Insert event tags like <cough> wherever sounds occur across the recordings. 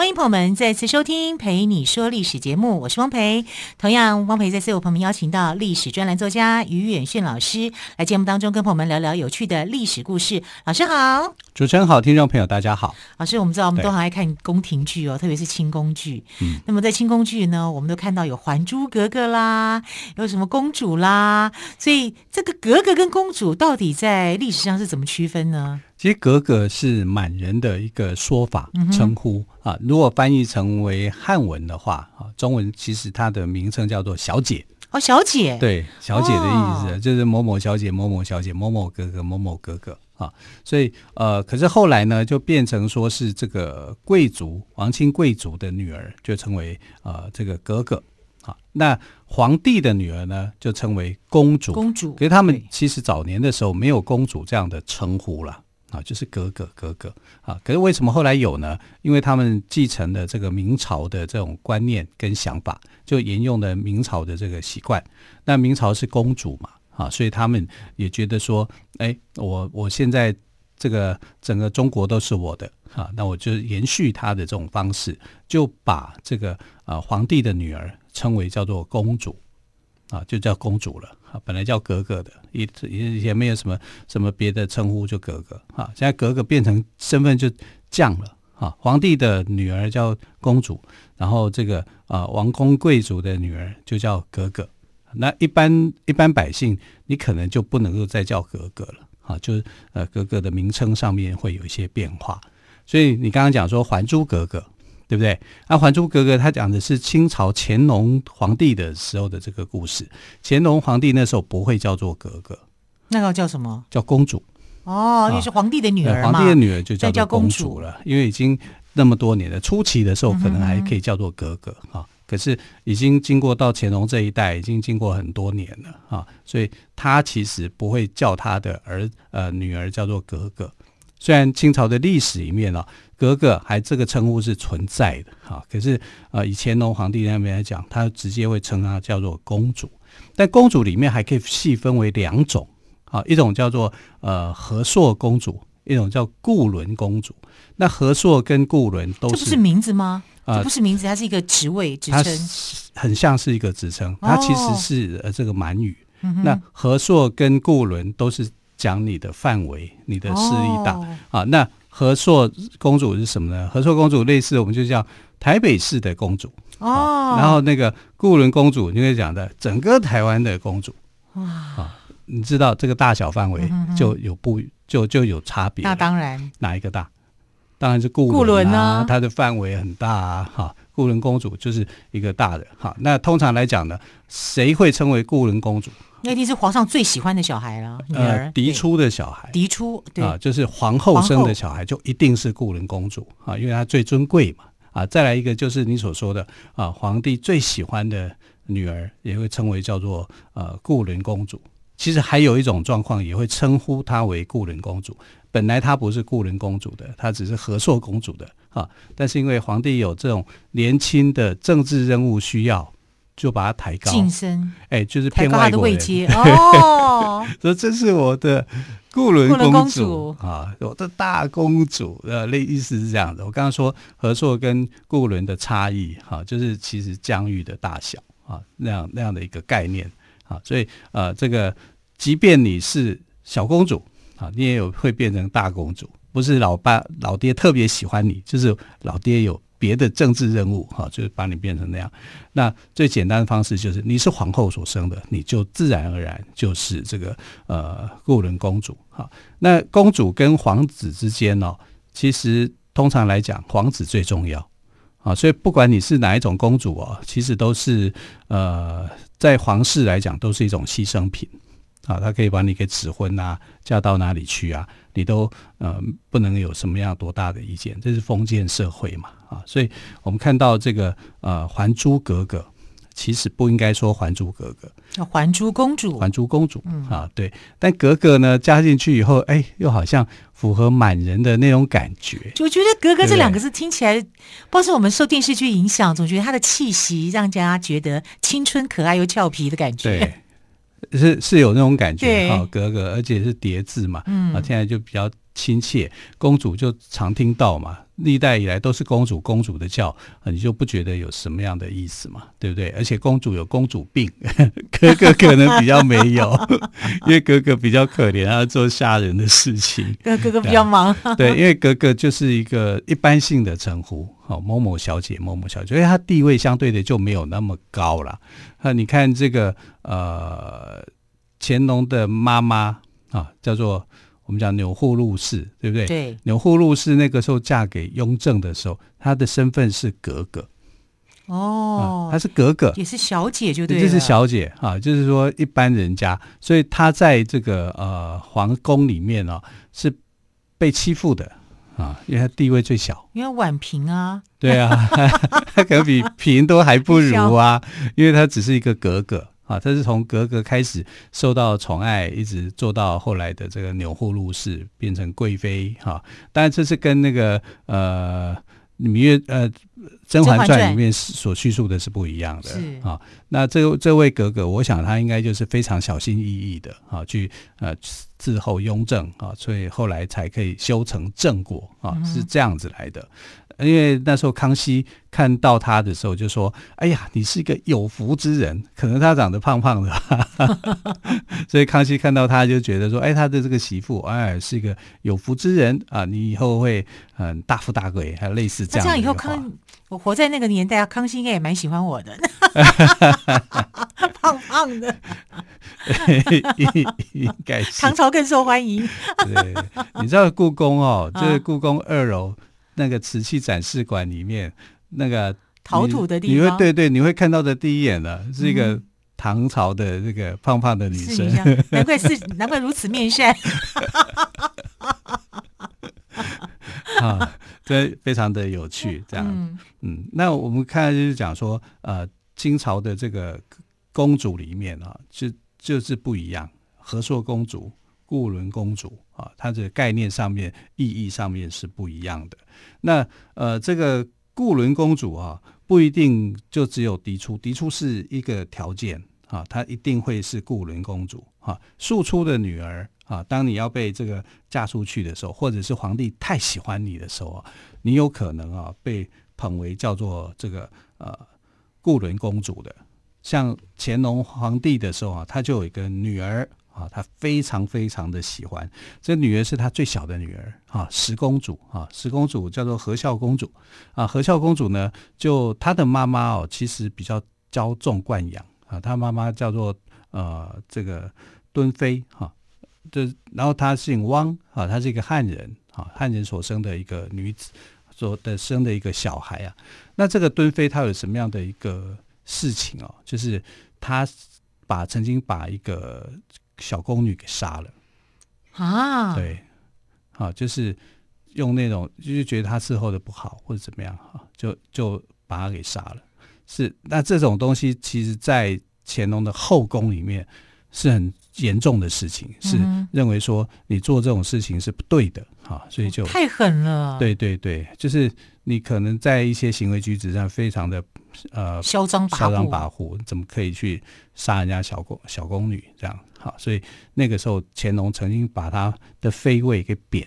歡迎朋友們再次收聽《蓓你說歷史》節目，我是汪蓓。同樣，汪蓓再次有朋友邀請到歷史專欄作家余遠炫老師來節目當中，跟朋友們聊聊有趣的歷史故事。老師好，主持人好，聽眾朋友大家好。老師，我們知道我們都很愛看宮廷劇哦，特別是清宮劇。嗯，那麼在清宮劇呢，我們都看到有《還珠格格》啦，有什麼公主啦，所以這個格格跟公主到底在歷史上是怎麼區分呢？其實“格格”是滿人的一個說法稱呼啊。如果翻譯成為漢文的話啊，中文其實它的名稱叫做“小姐”。哦，小姐。對，小姐的意思、哦、就是某某小姐、某某小姐、某某格格、某某格格啊。所以呃，可是後來呢，就變成說是這個貴族、皇親貴族的女兒就稱為呃這個“格格”啊。那皇帝的女兒呢，就稱為公主。公主。所以他們其實早年的時候沒有“公主”這樣的稱呼了。啊，就是格格格格啊。可是為什麼後來有呢？因為他們繼承了這個明朝的這種觀念跟想法，就沿用了明朝的這個習慣。那明朝是公主嘛，啊，所以他們也覺得說，哎、欸，我我現在這個整個中國都是我的啊，那我就延續他的這種方式，就把這個啊皇帝的女兒稱為叫做公主。啊，就叫公主了啊，本來叫格格的，以以前沒有什麼什麼別的稱呼，就格格啊。現在格格變成身份就降了啊。皇帝的女兒叫公主，然後這個啊王公貴族的女兒就叫格格。那一般一般百姓，你可能就不能夠再叫格格了啊，就是呃格格的名稱上面會有一些變化。所以你剛剛講說《還珠格格》。對不對？那、啊《還珠格格》它講的是清朝乾隆皇帝的時候的這個故事。乾隆皇帝那時候不會叫做格格，那個叫什麼？叫公主。哦，那、哦、是皇帝的女兒嘛？皇帝的女兒就叫公主了公主，因為已經那麼多年了。初期的時候可能還可以叫做格格哈、嗯，可是已經經過到乾隆這一代，已經經過很多年了哈、哦，所以他其實不會叫他的兒呃女兒叫做格格。雖然清朝的歷史裡面啊，格格還這個稱呼是存在的哈，可是啊、呃，以乾隆皇帝那邊來講，他直接會稱她叫做公主。但公主裡面還可以細分為兩種啊，一種叫做呃和碩公主，一種叫固倫公主。那和碩跟固倫都是，這不是名字嗎、呃？這不是名字，它是一個職位職稱，很像是一個職稱。它、哦、其實是呃這個滿語、嗯。那和碩跟固倫都是。講你的範圍，你的勢力大、oh. 啊。那和碩公主是什麼呢？和碩公主類似，我們就叫台北市的公主哦、oh. 啊、然後那個固倫公主，你可以講的整個台灣的公主哇。Oh. 啊，你知道這個大小範圍就有不 <laughs> 就有不就，就有差別？ <laughs> 那當然，哪一個大？當然是固倫啊固倫，她的範圍很大啊。哈、啊，固倫公主就是一個大的。好、啊，那通常來講呢，誰會稱為固倫公主？那一定是皇上最喜歡的小孩了，女兒、呃、嫡出的小孩，嫡出對啊，就是皇后生的小孩就一定是固倫公主啊，因為她最尊貴嘛啊。再來一個就是你所說的啊，皇帝最喜歡的女兒也會稱為叫做呃固倫公主。其實還有一種狀況也會稱呼她為固倫公主，本來她不是固倫公主的，她只是和碩公主的啊。但是因為皇帝有這種年輕的政治任務需要。就把他抬高，晉升，哎，就是騙外抬高的位階哦。這這是我的固倫公主，固倫公主啊，我的大公主。呃、啊，那意思是這樣的，我剛剛說合作跟固倫的差異，哈、啊，就是其實疆域的大小啊，那樣那樣的一個概念啊。所以呃，這個即便你是小公主啊，你也有會變成大公主。不是老爸老爹特別喜歡你，就是老爹有，別的政治任務，哈，就是把你變成那樣。那最簡單的方式就是，你是皇後所生的，你就自然而然就是這個呃固倫公主。哈，那公主跟皇子之間呢，其實通常來講，皇子最重要。啊，所以不管你是哪一種公主哦，其實都是呃，在皇室來講，都是一種犧牲品。啊，他可以把你給指婚啊，嫁到哪裡去啊？你都呃不能有什麼樣多大的意見，這是封建社會嘛啊！所以我們看到這個呃，《還珠格格》，其實不應該說《還珠格格》啊，還珠公主，還珠公主，嗯啊，對。但格格呢加進去以後，哎，又好像符合滿人的那種感覺。我覺得“格格”這兩個字聽起來對不對？不知道是我們受電視劇影響，總覺得它的氣息讓人家覺得青春可愛又俏皮的感覺。對。是是有那種感覺哈，格格，而且是疊字嘛，啊、嗯，現在就比較，親切，公主就常聽到嘛，歷代以來都是公主公主的叫，你就不覺得有什麼樣的意思嘛，對不對？而且公主有公主病，格格可能比較沒有， <laughs> 因為格格比較可憐，要做下人的事情。 <laughs> 啊、格格比較忙， <laughs> 對，因為格格就是一個一般性的稱呼，好，某某小姐、某某小姐，因為他地位相對的就沒有那麼高了。那、啊、你看這個呃，乾隆的媽媽啊，叫做。我們講鈕祜祿氏，對不對？對。鈕祜祿氏那個時候嫁給雍正的時候，她的身份是格格。哦。她、啊、是格格，也是小姐，就對。也就是小姐啊，就是說一般人家，所以她在這個呃皇宮裡面呢、哦、是被欺負的啊，因為她地位最小。因為婉嬪啊。對啊，她可能比嬪都還不如啊， <laughs> 因為她只是一個格格。啊，他是從格格開始受到寵愛，一直做到後來的這個鈕祜祿氏變成貴妃哈。當然，這是跟那個呃《羋月》呃《甄嬛傳》裡面所敘述的是不一樣的。是啊，那這這位格格，我想她應該就是非常小心翼翼的啊，去呃伺候雍正啊，所以後來才可以修成正果啊、嗯，是這樣子來的。因為那時候康熙看到他的時候就說：“哎呀，你是一個有福之人，可能他長得胖胖的吧， <laughs> 所以康熙看到他就覺得說：哎，他的這個媳婦哎是一個有福之人啊，你以後會很、嗯、大富大貴，還有類似這樣這樣以後康，我活在那個年代啊，康熙應該也蠻喜歡我的。哈哈哈哈哈，胖胖的， <laughs> <laughs> 應該是唐朝更受歡迎。 <laughs> 對，你知道故宮哦，就是故宮二樓。啊那個瓷器展示館裡面，那個陶土的地方，你會對，對對，你會看到的第一眼呢、嗯，是一個唐朝的那個胖胖的女生，難怪是 <laughs> 難怪如此面善。 <laughs> <laughs> 啊對，非常的有趣、嗯，這樣，嗯，那我們看就是講說，呃，清朝的這個公主裡面啊，就就是不一樣，和碩公主。固倫公主啊，她這個概念上面、意義上面是不一樣的。那呃，這個固倫公主啊，不一定就只有嫡出，嫡出是一個條件啊，她一定會是固倫公主啊。庶出的女兒啊，當你要被這個嫁出去的時候，或者是皇帝太喜歡你的時候啊，你有可能啊被捧為叫做這個呃固倫公主的。像乾隆皇帝的時候啊，他就有一個女兒。啊，她非常非常的喜歡這女兒，是她最小的女兒。哈、啊，十公主啊，十公主叫做和孝公主啊。和孝公主呢，就她的媽媽哦，其實比較嬌縱慣養啊。她媽媽叫做呃這個敦妃哈，這、啊、然後她姓汪啊，她是一個漢人啊，漢人所生的一個女子所的生的一個小孩啊。那這個敦妃她有什麼樣的一個事情哦？就是她把曾經把一個小宮女給殺了啊！對，好、啊，就是用那種就是覺得她伺候的不好或者怎麼樣哈、啊，就就把她給殺了。是，那這種東西其實在乾隆的後宮裡面是很嚴重的事情，嗯、是認為說你做這種事情是不對的哈、啊，所以就、哦、太狠了。對對對，就是你可能在一些行為舉止上非常的。呃，囂張，囂張跋扈，怎麼可以去殺人家小、小公小宮女這樣？好，所以那個時候乾隆曾經把他的妃位給貶，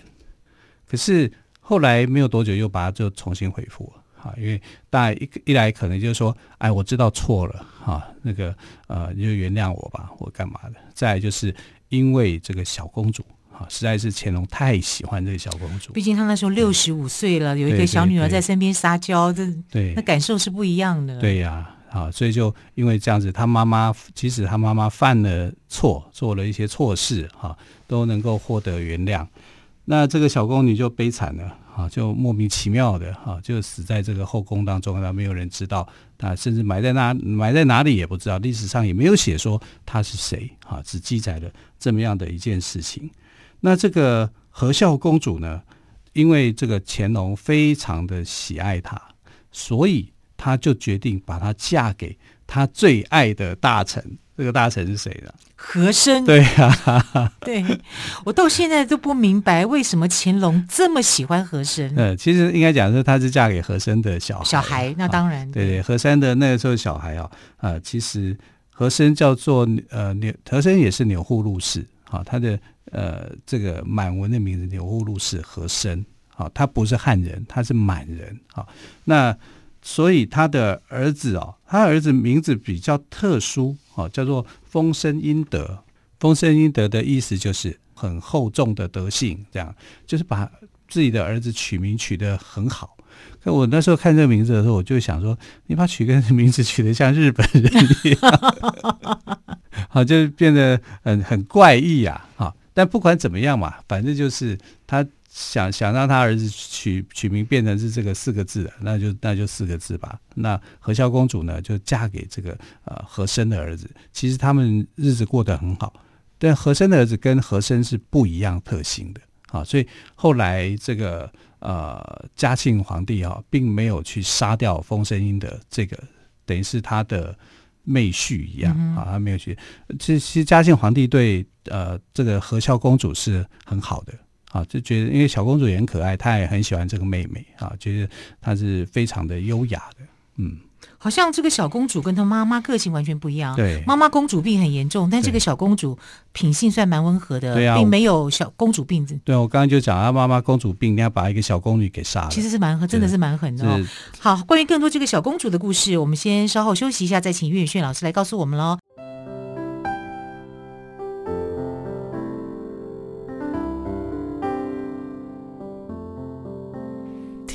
可是後來沒有多久又把他就重新恢復了。哈，因為大家，一來可能就是說，哎，我知道錯了，哈，啊，那個呃，你就原諒我吧，我幹嘛的？再來就是因為這個小公主。實在是乾隆太喜歡這個小公主。畢竟他那時候六十五歲了，嗯，有一個小女兒在身邊撒嬌，對對對對，這對那感受是不一樣的。對呀，啊，所以就因為這樣子，他媽媽即使他媽媽犯了錯，做了一些錯事，哈，都能夠獲得原諒。那這個小宮女就悲慘了，哈，就莫名其妙的，哈，就死在這個後宮當中，那沒有人知道，啊，甚至埋在哪，埋在哪裡也不知道，歷史上也沒有寫說她是誰，哈，只記載了這麼樣的一件事情。那這個和孝公主呢？因為這個乾隆非常的喜愛她，所以他就決定把她嫁給他最愛的大臣。這個大臣是誰呢？和珅。對呀、啊，對，我到現在都不明白為什麼乾隆這麼喜歡和珅。呃、 <laughs> 嗯，其實應該講是他是嫁給和珅的小孩小孩，那當然、啊、對對和珅的那個時候小孩哦啊，其實和珅叫做呃，和珅也是鈕祜祿氏。啊，他的呃，這個滿文的名字叫鈕祜祿氏和珅，啊、哦，他不是漢人，他是滿人，啊、哦，那所以他的兒子哦，他兒子名字比較特殊，啊、哦，叫做豐紳殷德，豐紳殷德的意思就是很厚重的德性，這樣就是把自己的兒子取名取得很好。可我那時候看這個名字的時候，我就想說，你把取個名字取得像日本人一樣。 <laughs> 啊，就是變得很很怪異啊。哈，但不管怎麼樣嘛，反正就是他想想讓他兒子取取名變成是這個四個字，那就那就四個字吧。那和孝公主呢，就嫁給這個呃和珅的兒子。其實他們日子過得很好，但和珅的兒子跟和珅是不一樣特性的啊、哦，所以後來這個呃嘉慶皇帝啊、哦，並沒有去殺掉豐紳殷德這個，等於是他的。妹婿一樣、嗯、啊，沒有去。其實嘉慶皇帝對呃這個和孝公主是很好的啊，就覺得因為小公主也很可愛，他也很喜歡這個妹妹啊，覺得她是非常的優雅的，嗯。好像這個小公主跟她媽媽個性完全不一樣。對，媽媽公主病很嚴重，但這個小公主品性算蠻溫和的，啊，並沒有小公主病子。對，我剛剛就講啊，媽媽公主病，人家把一個小宮女給殺了，其實是蠻狠，真的是蠻狠的哦。好，關於更多這個小公主的故事，我們先稍後休息一下，再請岳宇軒老師來告訴我們嘍。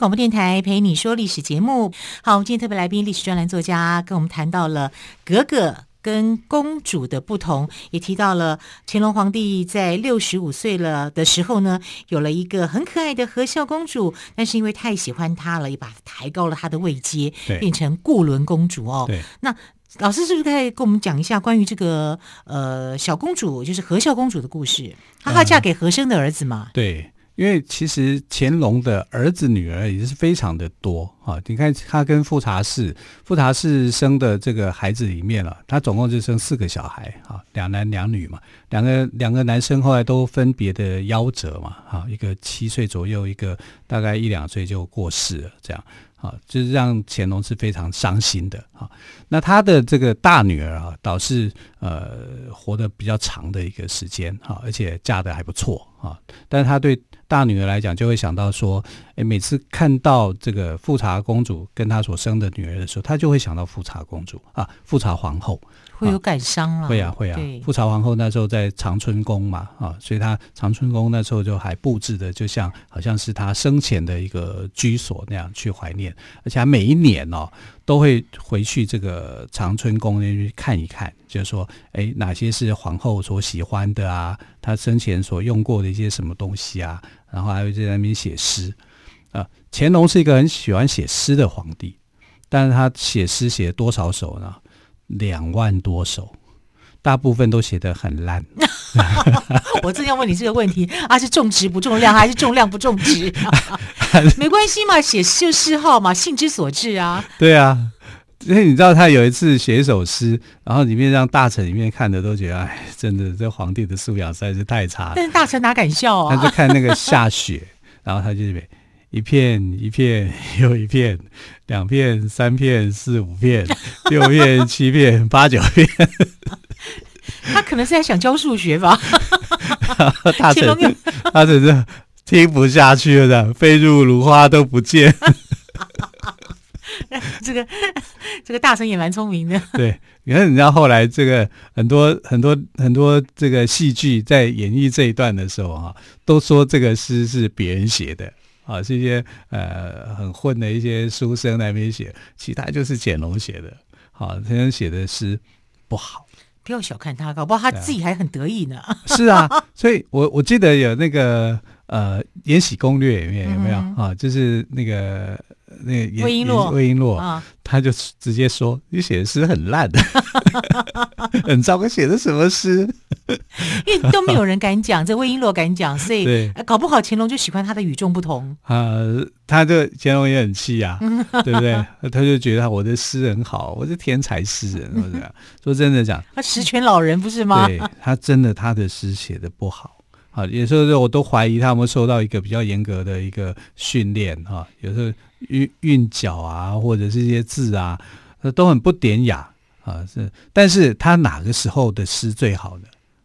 廣播電台陪你說歷史節目，好，我們今天特別來賓歷史專欄作家跟我們談到了格格跟公主的不同，也提到了乾隆皇帝在六十五歲了的時候呢，有了一個很可愛的和孝公主，但是因為太喜歡她了，也把她抬高了她的位階，變成固倫公主對哦。那老師是不是可以跟我們講一下關於這個呃，小公主，就是和孝公主的故事？她要嫁給和珅的兒子嗎？Uh -huh. 對。因為其實乾隆的兒子女兒也是非常的多哈，你看他跟富察氏，富察氏生的這個孩子裡面啊，他總共就生四個小孩哈，兩男兩女嘛，兩個兩個男生後來都分別的夭折嘛，哈，一個七歲左右，一個大概一兩歲就過世了，這樣啊，就是讓乾隆是非常傷心的哈，那他的這個大女兒啊，倒是呃活得比較長的一個時間哈，而且嫁得還不錯哈，但是他對大女兒來講，就會想到說、欸，每次看到這個富察公主跟她所生的女兒的時候，她就會想到富察公主啊，富察皇後、啊、會有感傷啊？會啊，會啊。富察皇後那時候在長春宮嘛，啊，所以她長春宮那時候就還布置的，就像好像是她生前的一個居所那樣去懷念。而且她每一年哦，都會回去這個長春宮那邊去看一看，就是說，哎、欸，哪些是皇後所喜歡的啊？她生前所用過的一些什麼東西啊？然後還會在那邊寫詩，啊、呃，乾隆是一個很喜歡寫詩的皇帝，但是他寫詩寫多少首呢？兩萬多首，大部分都寫得很爛。 <laughs> 我正要問你這個問題， <laughs> 啊，是重質不重量，還是重量不重質、啊？ <laughs> <laughs> 沒關係嘛，寫詩是嗜好嘛，性之所至啊。對啊。因為你知道他有一次寫一首詩，然後裡面讓大臣裡面看的都覺得，哎，真的這皇帝的素養實在是太差了。但是大臣哪敢笑啊？他就看那個下雪， <laughs> 然後他就這一片一片又一,一,一片，兩片三片四五片，六片 <laughs> 七片八九片。 <laughs> 他可能是在想教數學吧？ <laughs> <laughs> 大臣，大 <laughs> 臣是聽不下去了， <laughs> 飛入蘆花都不見。 <laughs> <laughs> 這個這個大神也蠻聰明的。對，你看，你知道後來這個很多很多很多這個戲劇在演繹這一段的時候啊，都說這個詩是別人寫的，啊，是一些呃很混的一些書生在那邊寫，其他就是乾隆寫的。好、啊，乾隆寫的詩不好，不要小看他，搞不好他自己還很得意呢。啊是啊，所以我我記得有那個。 <laughs> 呃，《延禧攻略》裡面嗯嗯有沒有啊？就是那個那個魏瓔珞，魏瓔珞，啊、他就直接說：“你寫的詩很爛的， <laughs> <laughs> 很糟糕，寫的什麼詩？”因為都沒有人敢講， <laughs> 這魏瓔珞敢講，所以、啊、搞不好乾隆就喜歡他的與眾不同。啊、呃，他就乾隆也很氣啊， <laughs> 對不對？他就覺得我的詩很好，我是天才詩人 <laughs> 是。說真的講，他、啊、十全老人不是嗎？對，他真的他的詩寫的不好。 <laughs> 有時候我都懷疑他有沒有受到一個比較嚴格的一個訓練哈、啊，有時候韻韻腳啊，或者是一些字啊，都很不典雅啊。是，但是他哪個時候的詩最好的？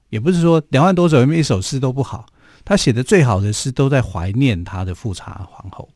也不是說兩萬多首裡面，一首詩都不好，他寫的最好的詩都在懷念他的富察皇後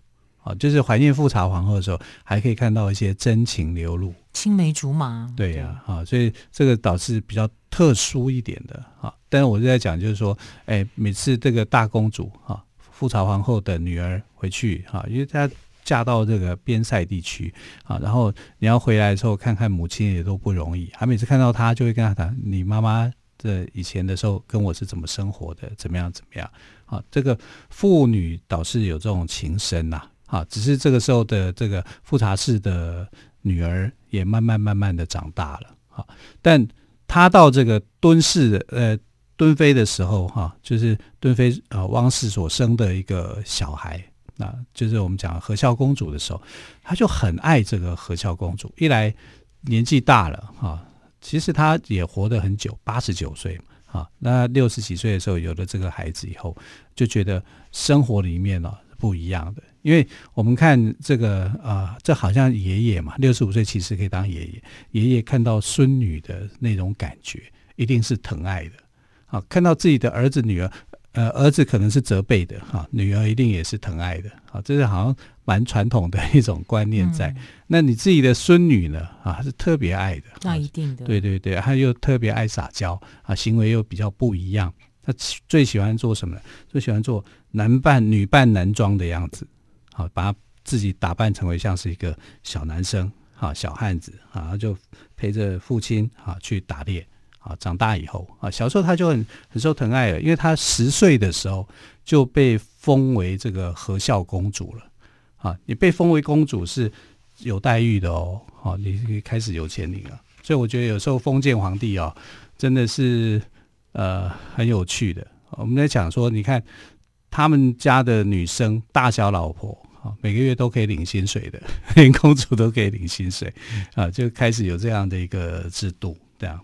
啊，就是懷念富察皇後的時候，還可以看到一些真情流露，青梅竹馬。對呀、啊，啊，所以這個倒是比較特殊一點的啊。但是我就在講，就是說，哎、欸，每次這個大公主哈，富察皇後的女兒回去哈、啊，因為她嫁到這個邊塞地區啊，然後你要回來的時候，看看母親也都不容易。還、啊、每次看到她，就會跟她講：“你媽媽在以前的時候跟我是怎麼生活的，怎麼樣怎麼樣。”啊，這個父女倒是有這種情深吶、啊。啊，只是這個時候的這個富察氏的女兒也慢慢慢慢的長大了。啊。但她到這個敦氏呃。惇妃的時候，哈，就是惇妃啊，汪氏所生的一個小孩，啊，就是我們講和孝公主的時候，他就很愛這個和孝公主。一來年紀大了，哈，其實他也活得很久，八十九歲，啊，那六十幾歲的時候有了這個孩子以後，就覺得生活裡面呢不一樣的。因為我們看這個啊、呃，這好像爺爺嘛，六十五歲其實可以當爺爺，爺爺看到孫女的那種感覺，一定是疼愛的。看到自己的兒子女兒，呃，兒子可能是責備的哈，女兒一定也是疼愛的。好，這是好像蠻傳統的一種觀念在。嗯，那你自己的孫女呢？啊，她是特別愛的，那一定的。對對對，她又特別愛撒嬌啊，行為又比較不一樣。她最喜歡做什麼呢？最喜歡做男扮女扮男裝的樣子，好，把自己打扮成為像是一個小男生小漢子啊，就陪着父親去打獵。啊，長大以後啊，小時候他就很很受疼愛了，因為他十歲的時候就被封為這個和孝公主了。啊，你被封為公主是有待遇的哦。好、啊，你開始有錢領了，所以我覺得有時候封建皇帝啊、哦，真的是呃很有趣的。我們在講說，你看他們家的女生大小老婆啊，每個月都可以領薪水的，連公主都可以領薪水啊，就開始有這樣的一個制度這樣。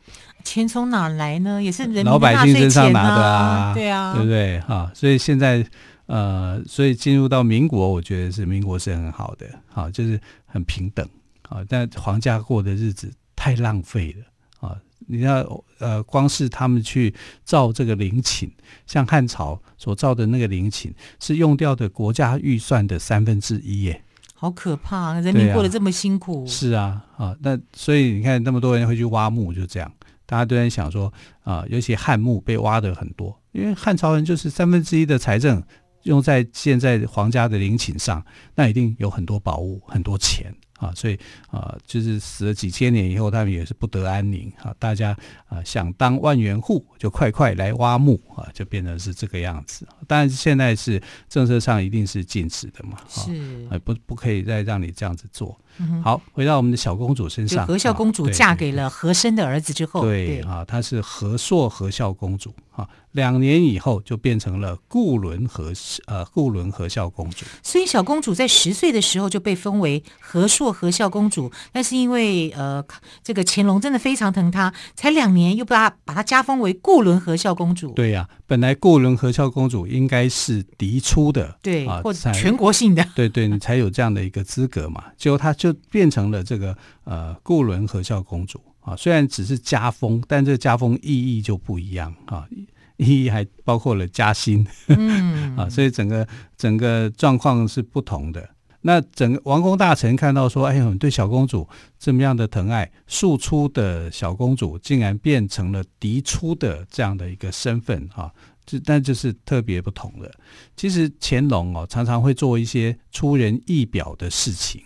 錢從哪來呢？也是人民、啊、老百姓身上拿的啊，對啊，對不對？哈、啊，所以現在，呃，所以進入到民國，我覺得是民國是很好的，好、啊、就是很平等啊。但皇家過的日子太浪費了啊！你要呃，光是他們去造這個陵寢，像漢朝所造的那個陵寢，是用掉的國家預算的三分之一耶，好可怕、啊！人民過得這麼辛苦、啊，是啊，啊，那所以你看，那麼多人會去挖墓，就這樣。大家都在想說，啊、呃，尤其漢墓被挖的很多，因為漢朝人就是三分之一的財政用在現在皇家的陵寢上，那一定有很多寶物，很多錢。啊，所以啊，就是死了幾千年以後，他們也是不得安寧啊。大家啊，想當萬元戶，就快快來挖墓啊，就變成是這個樣子。但是，現在是政策上一定是禁止的嘛，啊、是，啊、不不可以再讓你這樣子做、嗯。好，回到我們的小公主身上，和孝公主嫁給了和珅的兒子之後，對，對,對啊，她是和碩和孝公主啊。兩年以後就變成了固倫和呃固倫和孝公主。所以，小公主在十歲的時候就被封為和碩，做和孝公主，但是因為呃，這個乾隆真的非常疼她，才兩年又把她把她加封為固倫和孝公主。對呀、啊，本來固倫和孝公主應該是嫡出的，對、啊，或全國性的，對，對，對你才有這樣的一個資格嘛。結果她就變成了這個呃固倫和孝公主啊，雖然只是加封，但這加封意義就不一樣啊，意義還包括了加薪，嗯、呵呵啊，所以整個整個狀況是不同的。那整個王公大臣看到說，哎，呦，你對小公主這麼樣的疼愛，庶出的小公主竟然變成了嫡出的這樣的一個身份啊，這那就是特別不同了。其實乾隆哦、啊，常常會做一些出人意表的事情，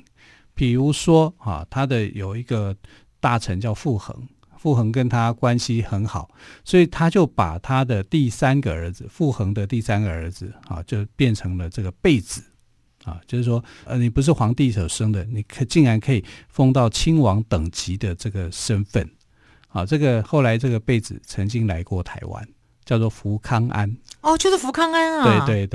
比如說啊，他的有一個大臣叫傅恆，傅恆跟他關係很好，所以他就把他的第三個兒子傅恆的第三個兒子啊，就變成了這個貝子。啊，就是說，呃，你不是皇帝所生的，你可竟然可以封到親王等級的這個身份，啊，這個後來這個貝子曾經來過台灣，叫做福康安，哦，就是福康安啊，對對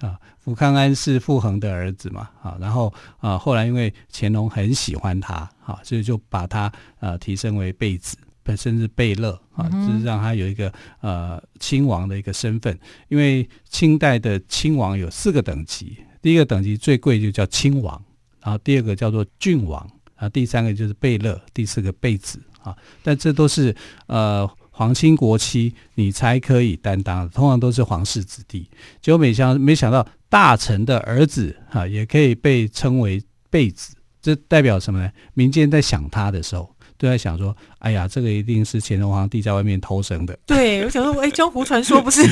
對，啊，福康安是傅恆的兒子嘛，啊，然後啊，後來因為乾隆很喜歡他，啊，所以就把他呃提升為貝子，甚至貝勒啊，就是讓他有一個呃親王的一個身份。嗯，因為清代的親王有四個等級。第一個等級最貴，就叫親王，然後第二個叫做郡王，啊，第三個就是貝勒，第四個貝子啊，但這都是呃皇親國戚，你才可以擔當的，通常都是皇室子弟。結果沒想沒想到，大臣的兒子哈也可以被稱為貝子，這代表什麼呢？民間在想他的時候。都在想說，哎呀，這個一定是乾隆皇帝在外面偷生的。對，我想說，哎，江湖傳說不是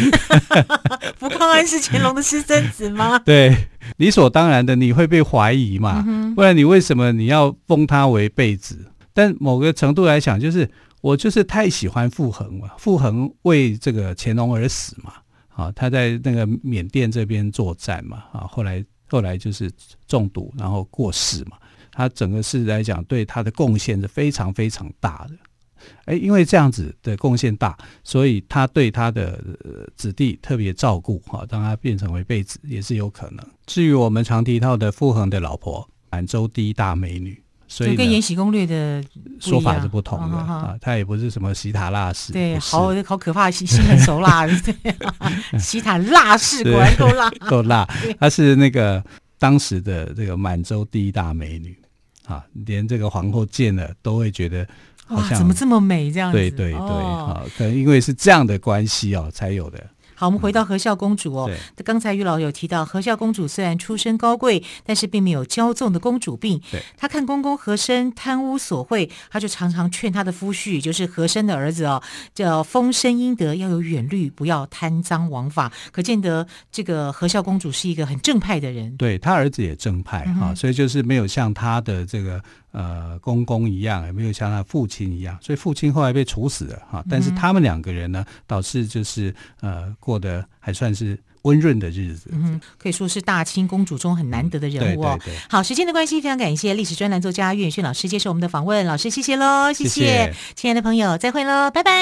福康安是乾隆的私生子嗎？對，理所當然的，你會被懷疑嘛？不然你為什麼你要封他為貝子？嗯。但某個程度來講，就是我就是太喜歡傅恆嘛，傅恆為這個乾隆而死嘛，啊，他在那個緬甸這邊作戰嘛，啊，後來後來就是中毒，然後過世嘛。他整個事實來講，對他的貢獻是非常非常大的。哎，因為這樣子的貢獻大，所以他對他的、呃、子弟特別照顧，哈、啊，當他變成為貝子也是有可能。至於我們常提到的傅恆的老婆，滿洲第一大美女，所以就跟延《延禧攻略》的說法是不同的啊，啊，啊，他也不是什麼喜塔臘氏。對，好好可怕，心心狠手辣 <laughs> 對、啊，喜塔臘氏，果然夠辣夠辣。她是那個當時的這個滿洲第一大美女。啊，連這個皇后見了都會覺得好像，哇，怎麼這麼美這樣子？對對對，啊、哦，可能因為是這樣的關係哦，才有的。好，我們回到和孝公主哦。嗯、剛才於老有提到，和孝公主雖然出身高貴，但是並沒有驕縱的公主病。對。她看公公和珅貪污索賄，她就常常勸她的夫婿，就是和珅的兒子哦，叫豐紳殷德，要有遠慮，不要貪贓枉法。可見得這個和孝公主是一個很正派的人。對，他兒子也正派哈、嗯啊，所以就是沒有像他的這個。呃，公公一樣也沒有像他父親一樣，所以父親後來被處死了哈。但是他們兩個人呢，倒是就是呃，過得還算是溫潤的日子的。嗯，可以說是大清公主中很難得的人物哦，嗯，對對對。好，時間的關係，非常感謝歷史專欄作家岳雪老師接受我們的訪問，老師謝謝嘍，謝謝，親愛的朋友，再會嘍，拜拜。